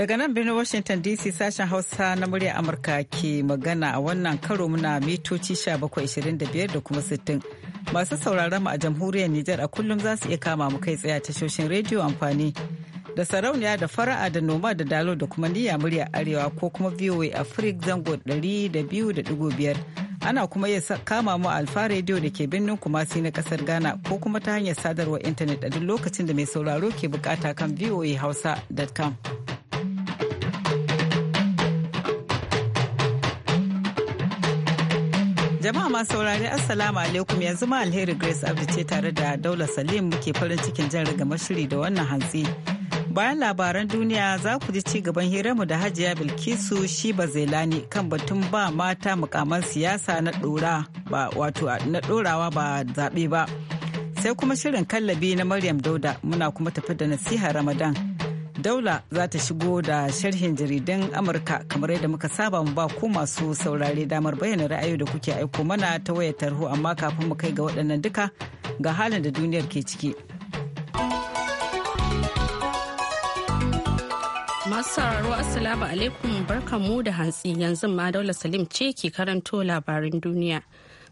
Daga nan birnin Washington DC sashen Hausa na murya Amurka ke magana a wannan karo muna mitoci 1725 da kuma 60. Masu sauraron mu a jamhuriyar Nijar a kullum za su iya kama mu kai tsaye tashoshin rediyo amfani da sarauniya da fara'a da noma da dalo da kuma niyya murya arewa ko kuma VOA a frik zango 200.5. Ana kuma iya kama mu alfa rediyo da ke birnin Kumasi na kasar Ghana ko kuma ta hanyar sadarwar intanet a duk lokacin da mai sauraro ke bukata kan voahausa.com. Jama'a masu saurari Assalamu alaikum yanzu ma alheri Grace Abdi ce tare da Daula Salim muke farin cikin jan rigamar shiri da wannan hantsi. Bayan labaran duniya za ku ji ci gaban hirarmu da Hajiya Bilkisu Shiba Zelani kan batun ba mata mukaman siyasa na dora ba wato na dorawa ba zaɓe ba. Sai kuma shirin kallabi na Maryam Dauda muna kuma tafi da nasiha Ramadan. Daula za ta shigo da sharhin jaridan Amurka kamar yadda muka saba mu ba ku masu saurare damar bayyana ra'ayi da kuke aiko mana ta wayar tarho amma kafin mu kai ga waɗannan duka ga halin da duniyar ke ciki. Masu sauraro Assalamu alaikum barkamu da hantsi yanzu ma Daula Salim ce ke karanto labarin duniya.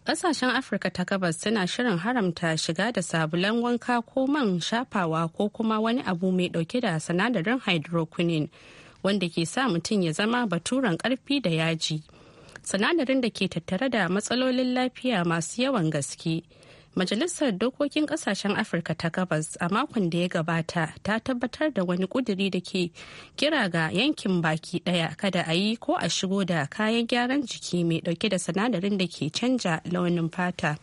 kasashen Afirka ta gabas suna shirin haramta shiga da sabulan wanka ko man shafawa ko kuma wani abu mai ɗauke da sinadarin hydroquinine wanda ke sa mutum ya zama baturen karfi da yaji. Sinadarin da ke tattare da matsalolin lafiya masu yawan gaske. Majalisar Dokokin Kasashen Afirka ta Gabas a makon da ya gabata ta tabbatar da wani kuduri da ke kira ga yankin baki daya kada a yi ko a shigo da kayan gyaran jiki mai dauke da sinadarin da ke canja launin fata.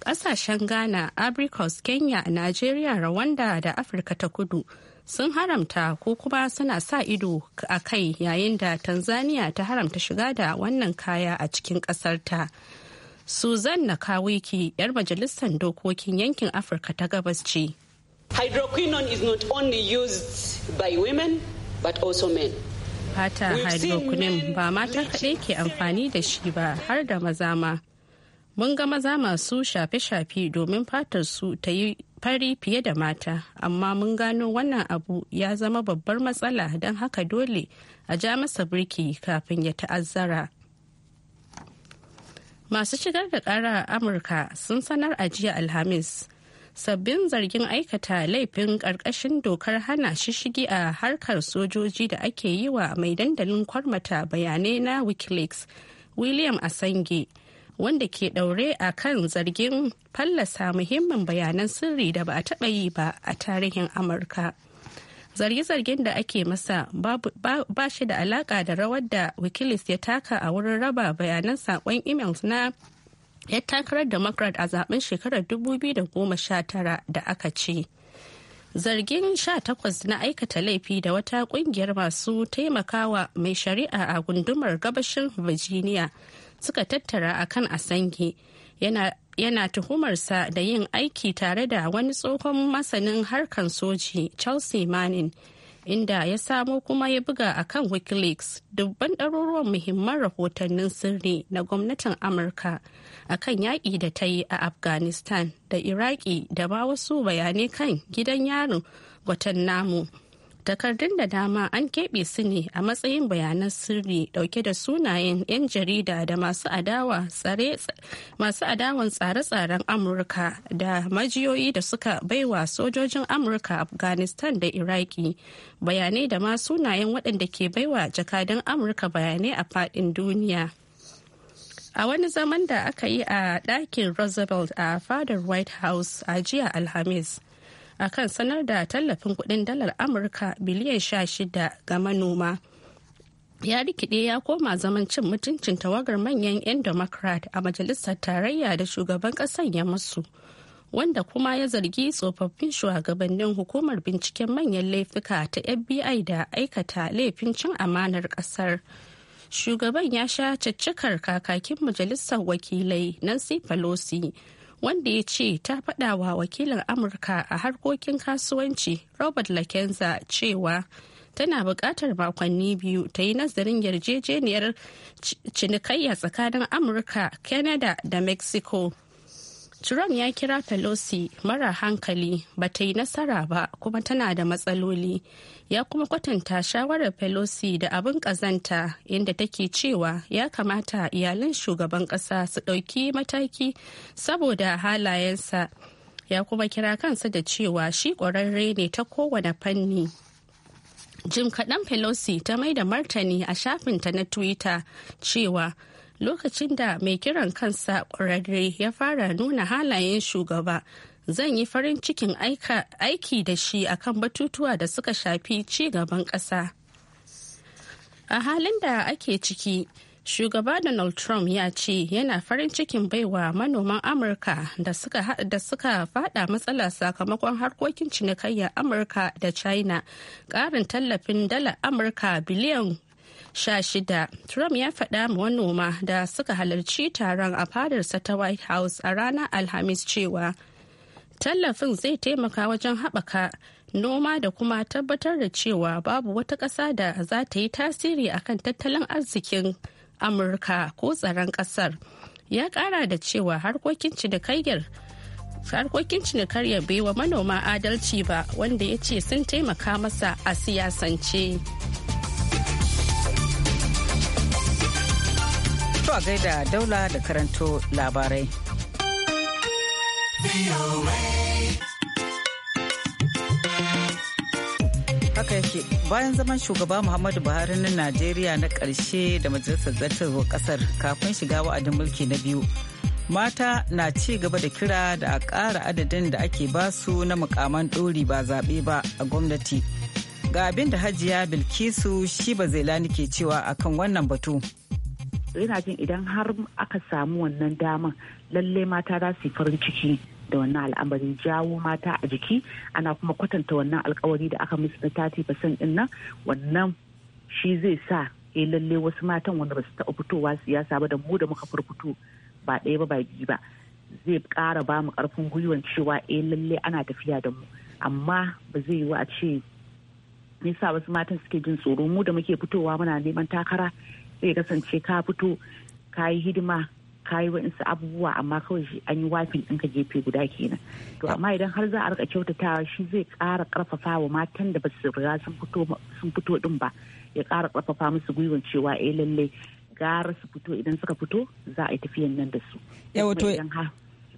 Kasashen Ghana, Abricos, Kenya, Nigeria, Rwanda da Afirka ta Kudu sun haramta ko kuma suna sa ido a kai yayin da Tanzania ta haramta shiga da wannan kaya a cikin ƙasarta. Susan Nakawiki, 'yar majalisar dokokin yankin Afirka ta gabas ce. Hydroquinone is not only used by women but also men. Fata hydroquinone ba mata kaɗai ke amfani da shi ba har da maza ma. Mun ga maza masu shafe-shafe domin fatar su ta yi fari fiye da mata, amma mun gano wannan abu ya zama babbar matsala don haka dole a ja masa birki kafin ya ta'azzara. masu shigar da kara a amurka sun sanar a jiya alhamis sabbin zargin aikata laifin karkashin dokar hana shishigi a harkar sojoji da ake yi wa mai dandalin kwarmata bayanai na wikileaks william asange wanda ke daure a kan zargin fallasa muhimmin bayanan sirri da ba a taɓa yi ba a tarihin amurka zarge-zargen da ake masa ba shi da alaka da rawar da wikilis ya taka a wurin raba bayanan saƙon emails na ya takarar democrat a zaben shekarar 2019 da aka ce zargin 18 na aikata laifi da wata kungiyar masu taimakawa mai shari'a a gundumar gabashin virginia suka tattara a kan asange yana yana tuhumarsa da yin aiki tare da wani tsohon masanin harkar soji chelsea manning inda ya samo kuma ya buga a kan wikileaks dubban ɗaruruwan muhimman rahotannin sirri na gwamnatin amurka a kan yaƙi da ta yi a afghanistan da iraki da ba wasu bayanai kan gidan yarin namu takardun da dama an keɓe su ne a matsayin bayanan sirri dauke da sunayen 'yan jarida da masu adawan tsare-tsaren amurka da majiyoyi da suka baiwa sojojin amurka afghanistan da iraki bayanai da ma sunayen waɗanda ke baiwa jakadan amurka bayanai a faɗin duniya a wani zaman da aka yi a ɗakin roosevelt a fadar white house a jiya alhamis a kan sanar da tallafin kudin dalar amurka biliyan sha shida ga manoma ya rikide ya koma zaman cin mutuncin tawagar manyan 'yan democrat a majalisar tarayya da shugaban kasan ya masu wanda kuma ya zargi tsofaffin shugabannin hukumar binciken manyan laifuka ta fbi da aikata laifin cin amanar kasar shugaban ya sha caccakar kakakin majalisar wakilai nancy pelosi wanda ya ce ta faɗa wa wakilin amurka a harkokin kasuwanci robert lakenza cewa tana buƙatar makonni biyu ta yi nazarin yarjejeniyar cinikayya tsakanin amurka canada da mexico Trump ya kira Pelosi mara hankali ba ta yi nasara ba kuma tana da matsaloli ya kuma kwatanta shawarar Pelosi da abin kazanta inda take cewa ya kamata iyalan shugaban kasa su ɗauki mataki saboda halayensa ya kuma kira kansa da cewa shi ƙwararre ne ta kowane fanni. Jim kaɗan Pelosi ta mai da martani a shafinta na Twitter cewa lokacin da mai kiran kansa ƙwararre ya fara nuna halayen shugaba zan yi farin cikin aiki da shi a kan batutuwa da suka shafi ci gaban ƙasa. a halin da ake ciki shugaba donald trump ya ce yana farin cikin baiwa manoman amurka da suka, da suka fada matsala sakamakon harkokin cinikayyar amurka da china karin tallafin dala amurka biliyan 16 trump ya faɗa ma manoma da suka halarci taron a fadarsa ta white house a ranar alhamis cewa tallafin zai taimaka wajen haɓaka noma da kuma tabbatar da cewa babu wata ƙasa da za ta yi tasiri a kan tattalin arzikin amurka ko tsaron ƙasar ya ƙara da cewa harkokin cinikayyar harkokin cinikar ya baiwa manoma adalci ba wanda ya ce sun taimaka masa a siyasance. zuwa gaida daula da karanto labarai. haka yake bayan zaman shugaba muhammadu buhari na najeriya na karshe da majalisar zartarwar kasar kafin shiga wa'adin mulki na biyu mata na ci gaba da kira da a ƙara adadin da ake basu na mukaman ɗori ba zaɓe ba a gwamnati ga abin da hajiya bilkisu shi ba zai ke cewa akan wannan batu yana jin idan har aka samu wannan dama lalle mata za su yi farin ciki da wannan al'amari jawo mata a jiki ana kuma kwatanta wannan alkawari da aka musu na 30% din nan wannan shi zai sa eh lalle wasu matan wanda ba su taɓa fitowa siyasa ba da mu da muka furfuto ba ɗaya ba ba biyu ba zai ƙara ba mu ƙarfin gwiwan cewa eh lalle ana tafiya da mu amma ba zai wa a ce nisa wasu matan suke jin tsoro mu da muke fitowa muna neman takara sai kasance ka fito ka yi hidima ka yi waɗansu abubuwa amma kawai an yi wafin ka gefe guda kenan to amma idan har za a rika kyautatawa shi zai ƙara ƙarfafa wa matan da ba su riga sun fito ɗin ba ya ƙara ƙarfafa musu gwiwan cewa eh lallai gara su fito idan suka fito za a yi tafiyan nan da su. Yawato.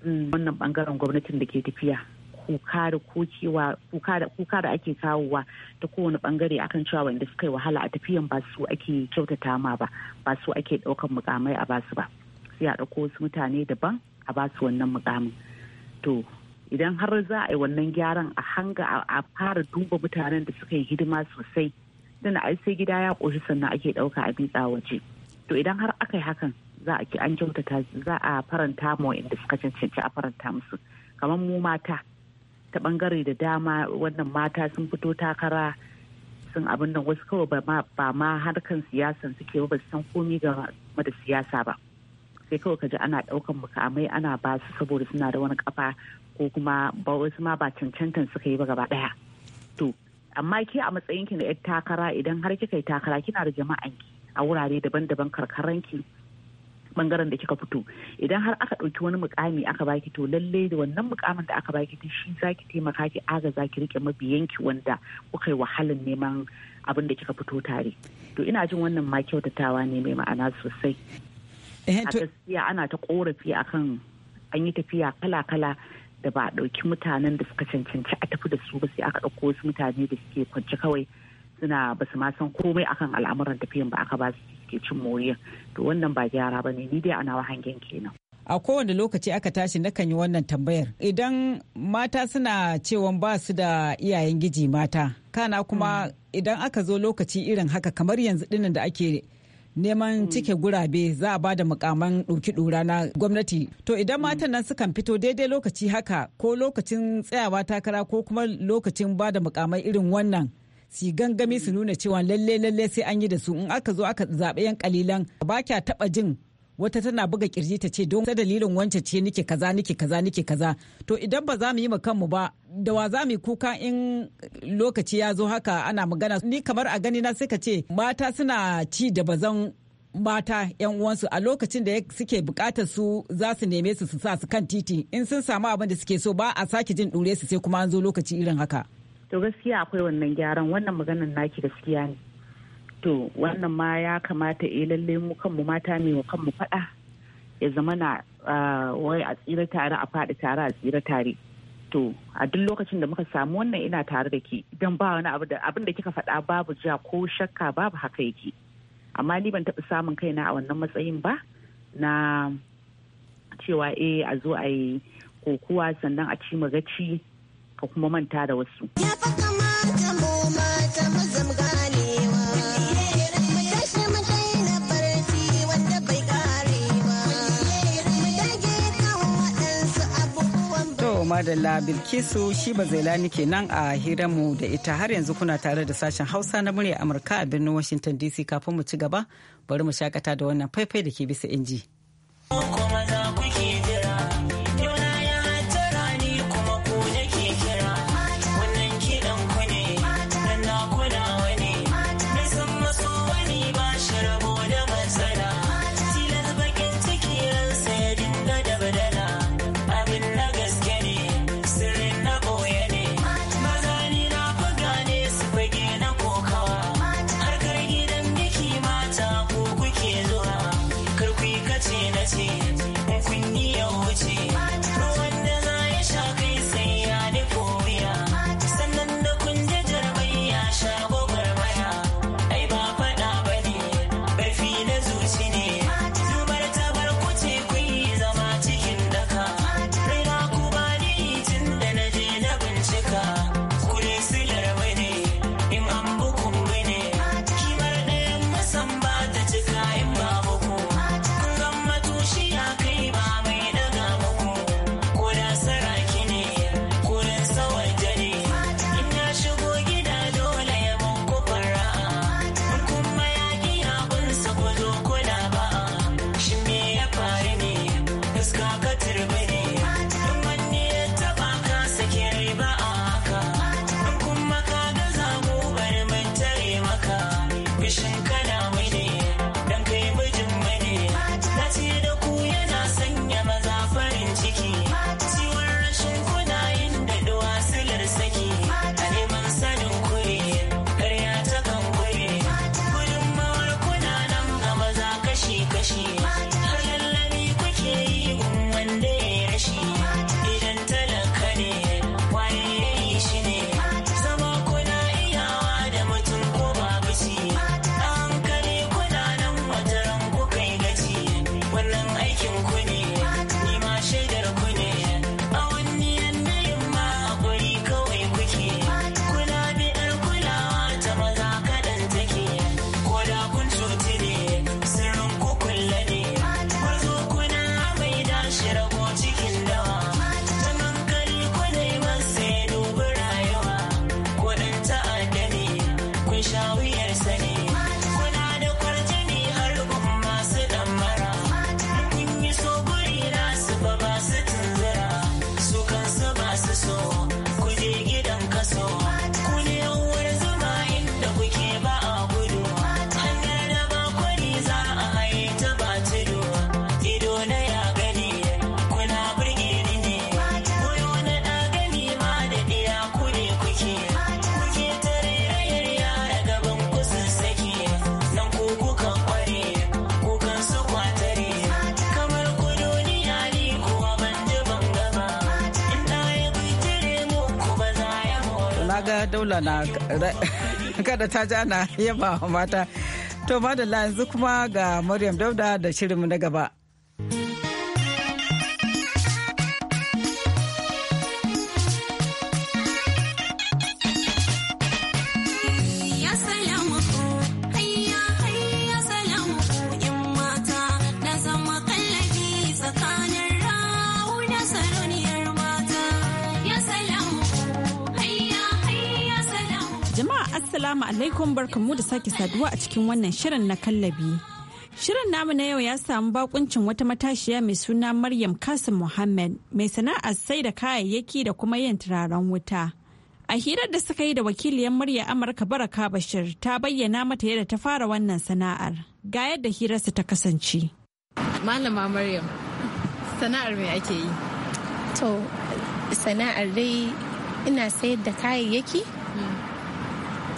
Mm, wannan bangaren gwamnatin da ke tafiya kuka da kokewa kuka da ake kawowa ta kowane bangare akan cewa wanda suka yi wahala a tafiyan ba su ake kyautata ma ba ba su ake daukan mukamai a basu ba sai a dauko wasu mutane daban a basu wannan mukamin to idan har za a yi wannan gyaran a hanga a fara duba mutanen da suka yi hidima sosai dana ai sai gida ya koshi sannan ake ɗauka a bitsa waje to idan har aka yi hakan za a ki an kyautata za a faranta ma wa'inda suka cancanci a faranta musu kamar mu mata ta bangare da dama wannan mata sun fito takara sun abin nan wasu kawai ba ma harkan siyasan suke ba su san komi ga da siyasa ba sai kawai ka ji ana daukan mukamai ana ba su saboda suna da wani kafa ko kuma ba wasu ma ba cancantan suka yi ba gaba daya to amma ke a matsayin ki na yar takara idan har kika yi takara kina da jama'anki a wurare daban-daban karkaranki bangaren da kika fito idan har aka ɗauki wani mukami aka baki to lalle da wannan mukamin da aka baki ta shi zaki taimaka ki aga zaki rike mabiyanki wanda kuka yi wahalan neman abin da kika fito tare to ina jin wannan ma kyautatawa ne mai ma'ana sosai eh, a gaskiya ana ta korafi akan an yi tafiya kala-kala da ba a ɗauki mutanen da suka cancanci a tafi da su ba sai aka ɗauko wasu mutane da suke kwance kawai suna ba su ma san komai akan al'amuran tafiyan ba aka ba su ke cin moriya to wannan ba gyara ba ne ni dai ana hangen kenan a kowane lokaci aka tashi nakan yi wannan tambayar idan mata suna cewa ba su da iyayen giji mata kana kuma hmm. idan aka zo lokaci irin haka kamar yanzu dinnan da ake neman hmm. cike gurabe za a bada mukaman ɗauki ɗora na gwamnati to idan hmm. matan nan sukan fito daidai lokaci haka ko lokacin tsayawa takara ko kuma lokacin bada mukamai irin wannan su gangami su nuna cewa lalle lalle sai an yi da su in aka zo aka zaɓe yan kalilan ba kya taɓa jin wata tana buga kirji ta ce don sai dalilin wance ce nike kaza nike kaza nike kaza to idan ba za mu yi ma kanmu ba da wa za mu kuka in lokaci ya zo haka ana magana ni kamar a gani na sai ka ce mata suna ci da bazan mata yan uwansu a lokacin da suke bukatar su za su neme su su sa su kan titi in sun samu abin da suke so ba a sake jin dure su sai kuma an zo lokaci irin haka to gaskiya akwai wannan gyaran wannan maganan naki gaskiya ne to wannan ma ya kamata eh lalle mu kanmu mata ne mu kanmu faɗa ya zama na ah, wai a tsira tare a faɗi tare a tsira tare to a duk lokacin da muka samu wannan ina tare da ke don ba wani abu da abin da kika faɗa babu ja ko shakka babu haka yake amma ni ban taɓa samun kaina a wannan matsayin ba na cewa eh a zo a yi kokuwa sannan a ci magaci ka kuma manta da wasu. madalla bilkisu shi ba zailani kenan a hiranmu da ita har yanzu kuna tare da sashen hausa na murya amurka a birnin washington dc kafin mu ci gaba bari mu shakata da wannan faifai da ke bisa inji. Maimuna na kada ta ji ana yaba mata. To madalla yanzu kuma ga Maryam Dauda da shirinmu na gaba. alaikum barkanmu da sake saduwa a cikin wannan shirin na kallabi. Shirin namu na yau ya samu bakuncin wata matashiya mai suna Maryam Kasim Muhammad mai sana'ar sai da kayayyaki da kuma yin turaren wuta. A hirar da suka yi da wakiliyar murya Amurka Baraka Bashir ta bayyana mata yadda ta fara wannan sana'ar. Ga yadda hirarsa ta kasance. Malama Maryam, sana'ar me ake yi? To, sana'ar dai ina sayar da kayayyaki hmm.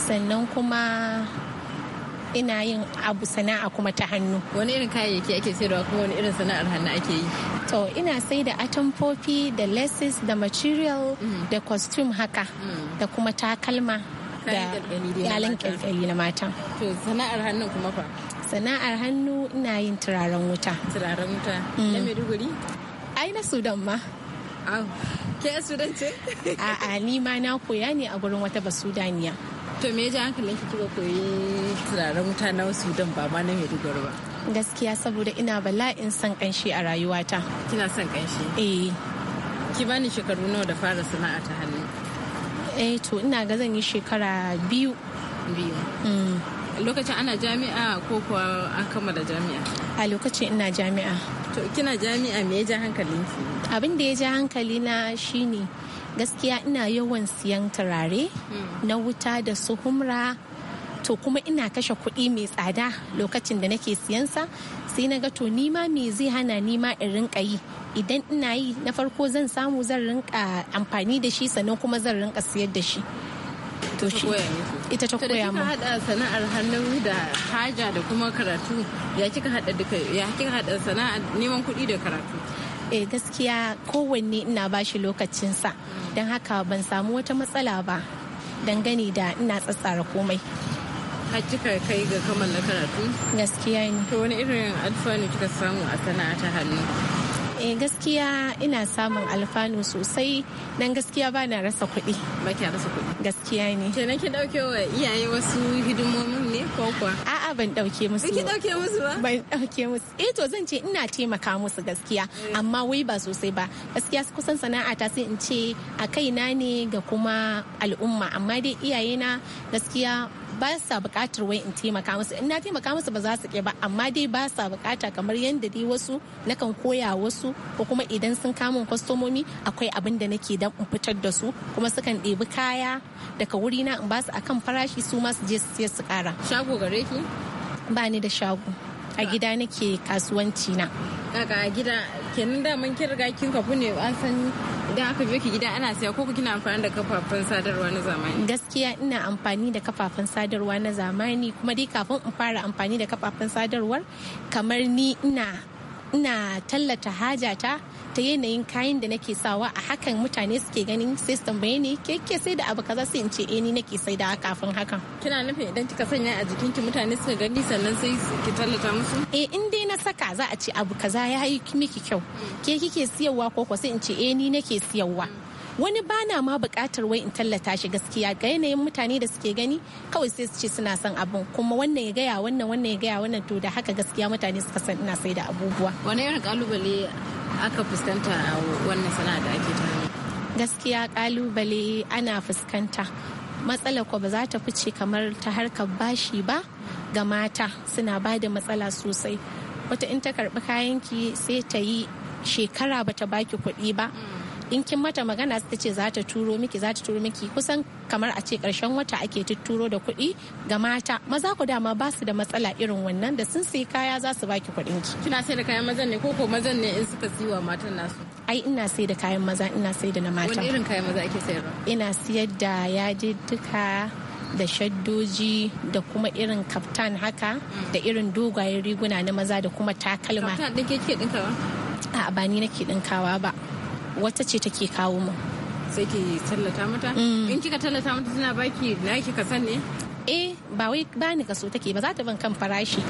sannan kuma ina yin abu sana'a kuma ta hannu wani irin kayayyaki ake sayarwa kuma wani irin sana'ar hannu ake yi to ina sai da atamfofi da laces da material mm. da costume haka mm. da kuma takalma da yalin kyalkyali na mata to sana'ar hannun kuma fa sana'ar hannu ina yin turaren wuta turaren wuta mm. na maiduguri ai na sudan ma ke sudan ce a'a ni ma na koya ne a gurin wata basudaniya To me ya hankalin ki kika koyi turaren mutanen na Sudan ba ma na Maiduguri ba? Gaskiya saboda ina bala'in son kanshi a rayuwata. Kina son kanshi? Eh. Ki bani shekaru nawa da fara sana'a ta hannu? Eh to ina ga zan yi shekara biyu. Biyu. Mm. Lokacin ana jami'a ko kuwa an kammala jami'a? A lokacin ina jami'a. To kina jami'a me ya hankalin ki? Abin da ya ji hankali na shine gaskiya ina yawan siyan turare na wuta da su humra to kuma ina kashe kuɗi mai tsada lokacin da nake siyansa sai na ga to nima me zai hana nima in rinka yi idan ina yi na farko zan samu zan rinka amfani da shi sannan kuma zan rinka siyar da shi to shi ita ta koya mu hada sana'ar hannu da haja da kuma karatu ya kika hada duka ya kika hada sana'ar neman kuɗi da karatu eh gaskiya kowanne ina ba shi lokacinsa don haka ban samu wata matsala ba dangane da ina tsatsara komai har kai ga kammala karatu gaskiya ne to wani irin alfanu kika samu a sana'a ta hannu eh gaskiya ina samun alfanu sosai dan gaskiya ba na rasa kuɗi ba ki rasa kuɗi gaskiya ne ke nake dauke wa iyaye wasu hidimomin ne ko kuwa a'a ban dauke musu ki dauke musu ba ban dauke musu eh to zan ce ina taimaka musu gaskiya eh. amma wai ba sosai ba gaskiya kusan sana'a ta sai in ce a kaina ne ga kuma al'umma amma dai iyayena gaskiya ba sa bukatar wai in taimaka musu in na taimaka musu ba za su ke ba amma dai ba sa bukata kamar yadda dai wasu nakan koya wasu ko kuma idan sun kamun kwastomomi akwai abin da nake dan in fitar da su kuma sukan ɗebi kaya daga wuri na in ba su akan farashi su ma su je su siya su kara shago gare ki ba ni da shago a gida nake kasuwanci na a gida kenan da mun riga kin kafu ne an san idan aka biyo ki gida ana saya ko kina amfani da kafafen sadarwa na zamani gaskiya ina amfani da kafafen sadarwa na zamani kuma dai kafin in fara amfani da kafafen sadarwar kamar ni ina ina tallata hajata ta yanayin kayan da nake sawa a hakan mutane suke ganin sai su tambaye ni ke ke sai da abu kaza sai in ce eh ni nake sai da kafin hakan kina nufin idan kika sanya a jikinki mutane suka gani sannan sai ki tallata musu eh in dai saka za a ce abu kaza ya yi miki kyau ke kike siyarwa ko kwasa in ce eh ni nake siyarwa wani bana ma bukatar wai in tallata shi gaskiya ga yanayin mutane da suke gani kawai sai su ce suna son abun kuma wannan ya gaya wannan wannan ya gaya wannan to da haka gaskiya mutane suka san ina sai da abubuwa wani irin kalubale aka fuskanta a wannan sana'a da ake tare gaskiya kalubale ana fuskanta matsala ko ba za ta fice kamar ta harkar bashi ba ga mata suna ba da matsala sosai wata in ta karbi kayanki sai ta yi shekara bata baki kuɗi ba in kin mata magana ta ce za ta turo miki za ta turo miki kusan kamar a ce karshen wata ake tutturo da kuɗi ga mata maza ku dama ba su da matsala irin wannan da sun sai kaya za su baki kuɗin ki kina sai da kayan mazan ne ko ko mazan ne in suka siwa matan nasu ai ina sai da kayan maza ina sai da na mata wani irin kayan maza ake sayarwa ina siyar da yadi duka da shaddoji da kuma irin kaftan haka da irin dogayen riguna na maza da kuma takalma kaftan ɗin ke ɗinkawa a ba ni nake ɗinkawa ba wata ce take kawo mu sai ke tallata mata mm. in kika tallata mata tana baki na kika san ne eh ba wai bani kaso take ba za ta ban kan farashi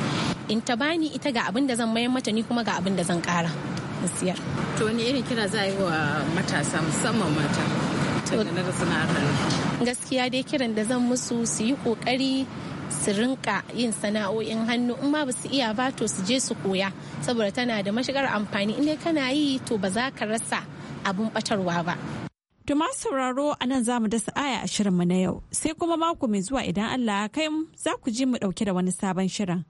in ta bani ita ga abin da zan mayar mata ni kuma ga abin da zan kara siyar to ni irin kira za a yi wa matasa musamman mata gaskiya dai kiran da zan musu su yi kokari su rinka yin sana'o'in hannu in ma ba su iya ba to su je su koya saboda tana da mashigar amfani in dai kana yi to ba za ka rasa abun batarwa ba To masu sauraro a nan za mu dasa aya a shirinmu na yau sai kuma mako mai zuwa idan Allah ya kai mu za ku ji mu ɗauke da wani sabon shirin.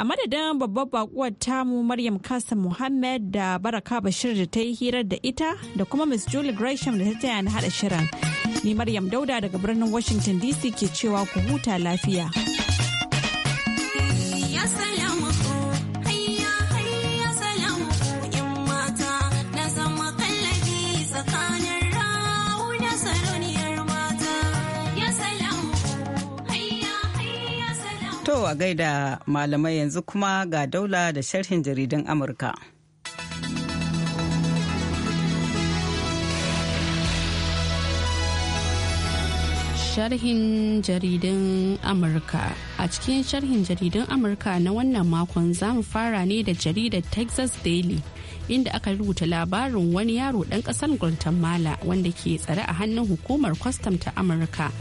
a madadin babbar bakuwar tamu maryam kasim muhammad da baraka bashir da ta yi hirar da ita da kuma miss julie gresham da ta taya na hada shirin ni maryam dauda daga birnin washington dc ke cewa ku huta lafiya. a gaida malamai yanzu kuma ga daula da sharhin jaridun Amurka. sharhin jaridan Amurka. A cikin sharhin jaridun Amurka na wannan makon zamu fara ne da jaridar Texas Daily. Inda aka rubuta labarin wani yaro dan kasar Guatemala wanda ke tsare a hannun hukumar kwastam ta Amurka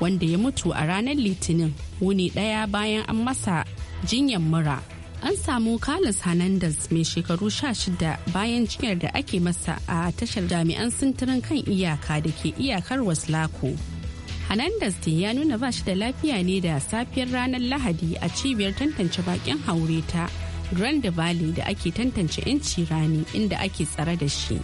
wanda ya mutu a ranar litinin wuni ɗaya bayan an masa jinyar mura an samu carlos hernandez mai shekaru 16 bayan jinyar da ake masa a tashar jami'an sintirin kan iyaka da ke iyakar waslako hernandez da ya nuna ba shi da lafiya ne da safiyar ranar lahadi a cibiyar tantance bakin haure ta grand valley da ake tantance inci rani inda ake tsare da shi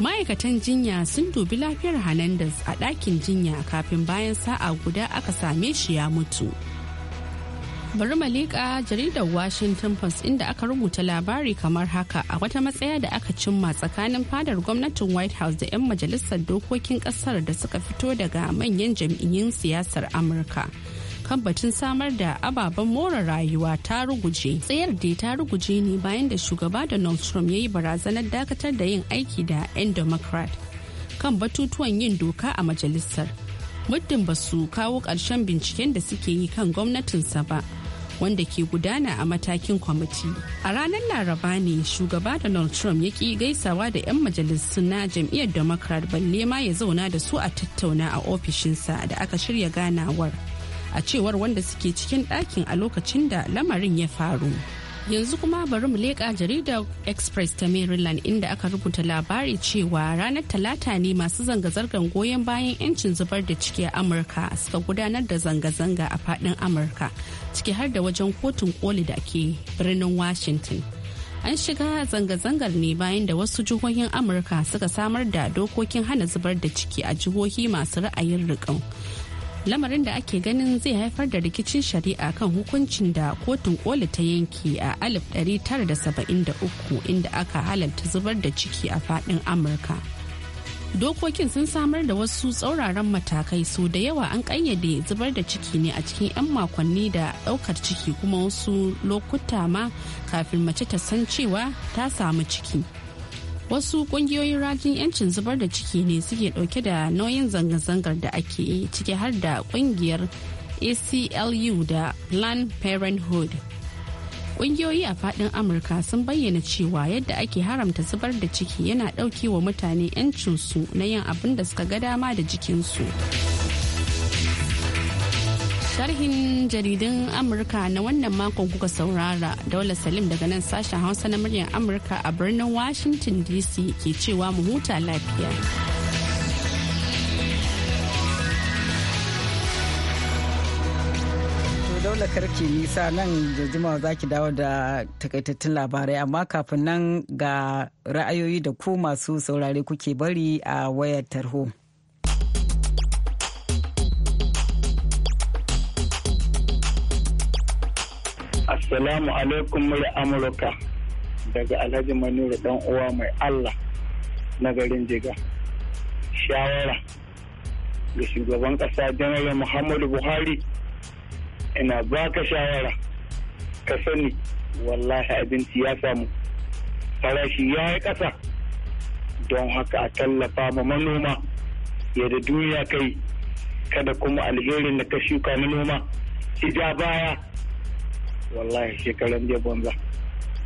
ma'aikatan jinya sun dubi lafiyar hernandez a dakin jinya kafin bayan sa'a guda aka same shi ya mutu bari malika jaridar washington post inda aka rubuta labari kamar haka a wata matsaya da aka cimma tsakanin fadar gwamnatin white house da 'yan majalisar dokokin kasar da suka fito daga manyan jam'iyyun siyasar amurka kan batun samar da ababen more rayuwa ta ruguje tsayar da ta ruguje ne bayan da shugaba da trump ya yi barazanar dakatar da yin aiki da 'yan democrat kan batutuwan yin doka a majalisar muddin ba su kawo ƙarshen binciken da suke yi kan gwamnatinsa ba wanda ke gudana a matakin kwamiti a ranar laraba ne shugaba donald trump ya ki gaisawa da 'yan majalisu na jam'iyyar democrat balle ma ya zauna da su a tattauna a ofishinsa da aka shirya ganawar a cewar wanda suke cikin ɗakin a lokacin da lamarin ya faru. yanzu kuma bari mu leƙa jaridar express ta maryland inda aka rubuta labari cewa ranar talata ne masu zanga-zangar goyon bayan 'yancin zubar da ciki a amurka suka gudanar da zanga-zanga a faɗin amurka ciki har da wajen kotun koli da ke birnin washington an shiga zanga-zangar ne bayan da wasu jihohin amurka suka samar da dokokin hana zubar da ciki a jihohi masu ra'ayin riƙon. lamarin da ake ganin zai haifar da rikicin shari'a kan hukuncin da kotun koli ta yanki a 1973 inda aka halarta zubar da ciki a fadin amurka dokokin sun samar da wasu tsauraran matakai su da yawa an kayyade zubar da ciki ne a cikin 'yan makonni da daukar ciki kuma wasu lokuta ma kafin mace ta san cewa ta samu ciki. wasu kungiyoyin rajin yancin zubar da ciki ne suke dauke da nauyin zanga-zangar da ake ciki har da kungiyar aclu da planned parenthood kungiyoyi a fadin amurka sun bayyana cewa yadda ake haramta zubar da ciki yana dauke wa mutane 'yancinsu na yin abin da suka ga dama da jikinsu. Sharhin jaridun Amurka na wannan makon kuka saurara Daula Salim daga nan sashen Hausa na muryar Amurka a birnin Washington DC ke cewa mu huta lafiya. daula karki nisa nan da jimawa za ki dawo da takaitattun labarai amma kafin nan ga ra'ayoyi da ku masu saurare kuke bari a wayar tarho. Salamu alaikum murya Amurka daga Alhaji Manuru dan uwa mai Allah na garin Jiga. Shawara ga shugaban ƙasa Janaral Muhammadu Buhari ina baka shawara ka sani wallahi abinci ya samu farashi ya yi ƙasa don haka a tallafa ma manoma yadda duniya kai kada kuma alherin da ka shuka na noma ija baya wallahi shekaran jiya banza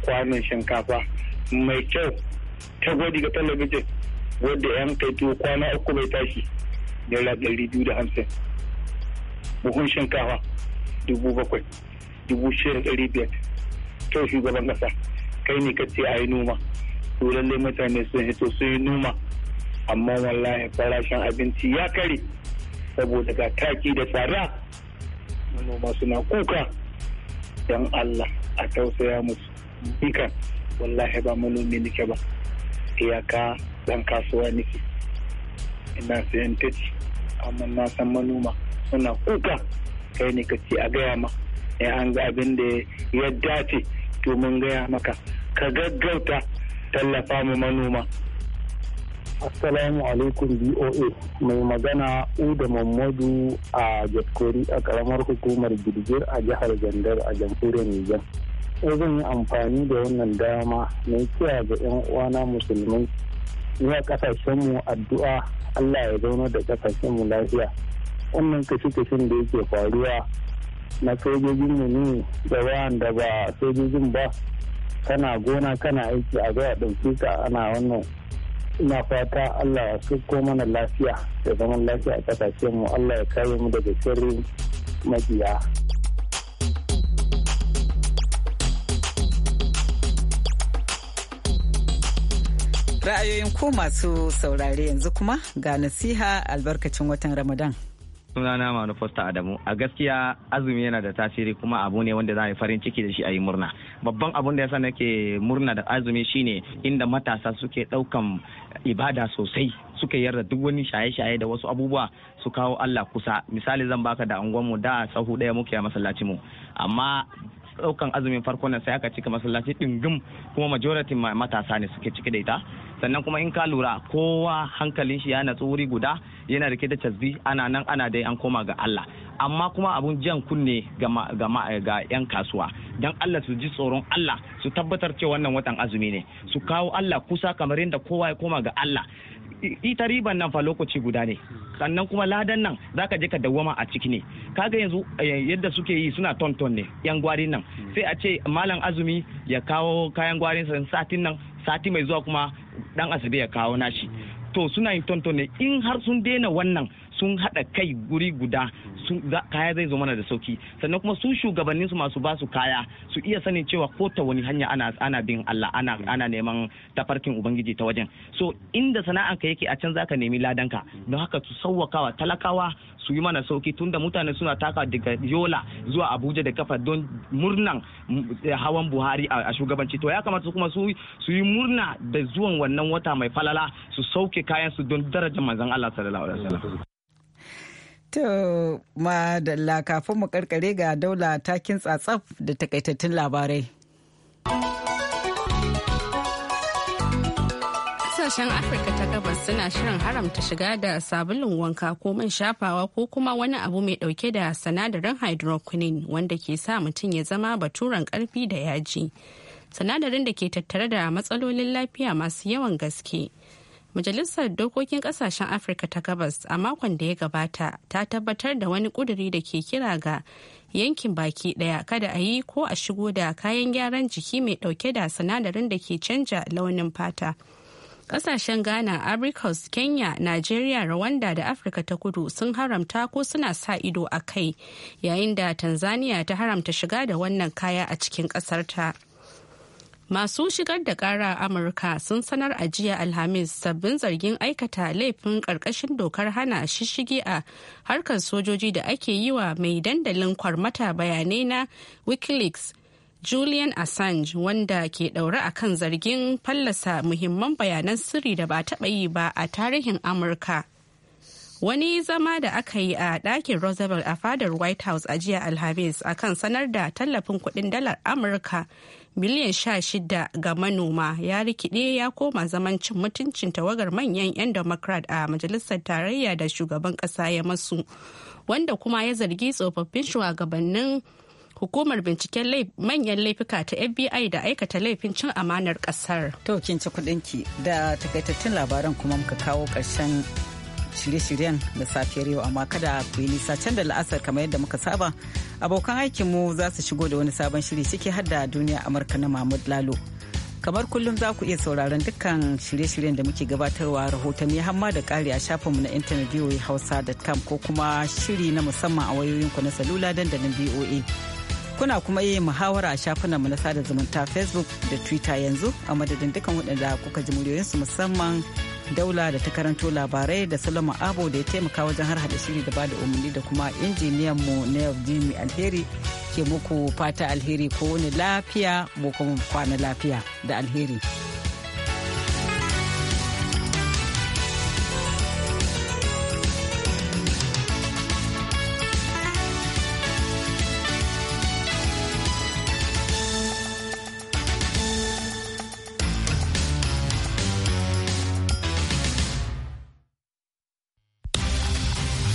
kwanan shinkafa mai kyau ta gwaji ga talabijin wadda yan kai tuwo kwana uku bai tashi naira ɗari biyu da hamsin buhun shinkafa dubu bakwai dubu shirin ɗari biyar kyau shugaban ƙasa kai ne kace a yi noma to lallai mutane sun hito sun yi noma amma wallahi farashin abinci ya kare saboda ga taki da tsada manoma suna kuka don Allah a tausaya musu dukan wallahi ba manomi nake ba iyaka dan kasuwa nake ina sayan tace amma na san manoma suna kuka kai ne ka ce a gaya ma ya an ga abin da ya dace to mun gaya maka ka gaggauta tallafa mu manoma Assalamu alaikum BOA mai magana Uda Mamadu a Jaskori a karamar hukumar Girgir a jihar gandar a jamhuriyar Nijar. Sai eh, zan yi amfani da wannan dama mai kiyaye ga 'yan uwana musulmai ya mu addu'a Allah ya zauna da mu lafiya. Wannan kashe-kashen da yake faruwa na sojojinmu ne da da ba sojojin ba kana gona kana aiki a ga ɗauke ka ana wannan ina fata allah ya ko mana lafiya da zaman lafiya a kasashen mu allah ya kare mu daga sirrin magiya ra'ayoyin ko masu saurare yanzu kuma ga nasiha albarkacin watan ramadan sunana manufosta adamu a gaskiya azumi yana da tasiri kuma abu ne wanda za a yi farin ciki da shi a yi murna babban abun da yasa nake murna da azumi shine inda matasa suke daukan ibada sosai suka yarda duk wani shaye-shaye da wasu abubuwa su kawo Allah kusa misali zan baka da mu da sahu daya muke a masallacin mu amma daukan azumin farko na sai aka cika masallaci dingim kuma majority matasa ne suke cike da ita sannan kuma in ka lura kowa hankalin shi ya natsu wuri guda yana rike da tasbi ana nan ana dai an koma ga Allah amma kuma abun jan kunne ga 'yan kasuwa don Allah su ji tsoron Allah su tabbatar cewa wannan watan azumi ne su kawo Allah kusa kamar yadda kowa ya koma ga Allah ita riban nan fa lokaci guda ne sannan kuma ladan nan zaka je ka dawwama a ciki ne kaga yanzu eh, yadda suke yi suna tonton ne yan gwari nan sai a ce malam azumi ya kawo kayan gwarin sa satin nan sati mai zuwa kuma dan asabe ya kawo nashi to suna yin tonto in har sun daina wannan sun haɗa kai guri guda kaya zai zo mana da sauki sannan kuma su shugabannin su masu basu kaya su iya sanin cewa ko ta wani hanya ana ana bin Allah ana ana neman tafarkin ubangiji ta wajen so inda ka yake a can zaka nemi ladanka don haka su sauwakawa talakawa su yi mana sauki tunda mutane suna taka daga yola zuwa abuja da kafa don murnan eh, hawan buhari a shugabanci to ya kamata kuma su yi murna da zuwan wannan wata mai falala su sauke kayan su don darajar manzon allah sallallahu alaihi wasallam To, da kafin mu karkare ga daula takin tsatsaf da takaitattun labarai. ƙasashen afirka ta gabas suna shirin haramta shiga da sabulun wanka ko man shafawa ko kuma wani abu mai dauke da sanadarin hydroquinine wanda ke sa mutum ya zama baturen karfi da yaji sanadarin da ke tattare da matsalolin lafiya masu yawan gaske Majalisar Dokokin Kasashen Afirka ta Gabas a makon da ya gabata ta tabbatar da wani ƙuduri da ke kira ga yankin baki daya kada a yi ko a shigo da kayan gyaran jiki mai dauke da sinadarin da ke canja launin fata. Kasashen Ghana, Abricus, Kenya, najeriya Rwanda da Afirka ta kudu sun haramta ko suna sa ido a kai yayin da Tanzania ta haramta shiga da wannan kaya a cikin ƙasarta. ta. Masu shigar da kara a Amurka sun sanar a jiya Alhamis sabbin zargin aikata laifin ƙarƙashin dokar hana shishigi a harkar sojoji da ake yi wa mai dandalin kwarmata bayanai na Wikileaks Julian Assange wanda ke ɗaure a kan zargin fallasa muhimman bayanan sirri da ba taɓa yi ba a tarihin Amurka. Wani zama da aka yi a ɗakin Roosevelt a fadar White House a jiya Alhamis akan sanar da tallafin kuɗin dalar Amurka miliyan sha shida ga manoma ya rikide ya koma zaman cin mutuncin tawagar manyan 'yan democrat a majalisar tarayya da shugaban kasa ya masu wanda kuma ya zargi tsofaffin shugabannin hukumar binciken manyan laifuka ta fbi da aikata laifin cin amanar kasar. To kin ci kudinki da takaitattun labaran kuma muka kawo ƙarshen shirye-shiryen da safiyar yau amma kada ku yi nisa can da la'asar kamar yadda muka saba abokan aikinmu za su shigo da wani sabon shiri ciki har da duniya amurka na mahmud lalo kamar kullum za ku iya sauraron dukkan shirye-shiryen da muke gabatarwa rahotanni hamma da kari a shafinmu na intanet voa hausa.com ko kuma shiri na musamman a wayoyin ku na salula dandalin voa kuna kuma yi muhawara a shafinanmu na sada zumunta facebook da twitter yanzu a madadin dukkan waɗanda kuka ji muryoyinsu musamman daula da ta karanto labarai da salama abo da ya taimaka wajen har hada shiri da da umarni da kuma injiniyan mu na yau jimi alheri ke muku fata alheri ko wani lafiya mu kuma kwana lafiya da alheri.